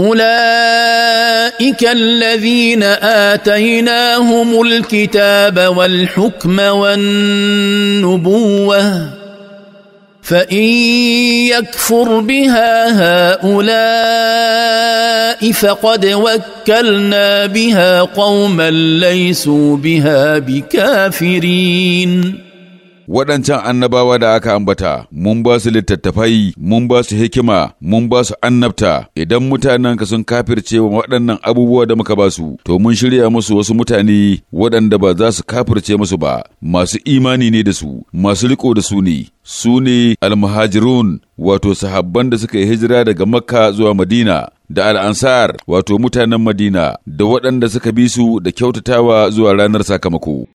اولئك الذين اتيناهم الكتاب والحكم والنبوه فان يكفر بها هؤلاء فقد وكلنا بها قوما ليسوا بها بكافرين waɗancan annabawa da aka ambata mun ba su littattafai mun ba su hikima mun ba su annabta idan ka sun kafirce wa waɗannan abubuwa da muka ba su to mun shirya musu wasu mutane waɗanda ba za su kafirce musu ba masu imani ne da su masu riko da su ne su ne almahajirun wato sahabban da suka yi hijira daga makka zuwa madina da al'ansar wato mutanen madina da waɗanda suka bi su da kyautatawa zuwa ranar sakamako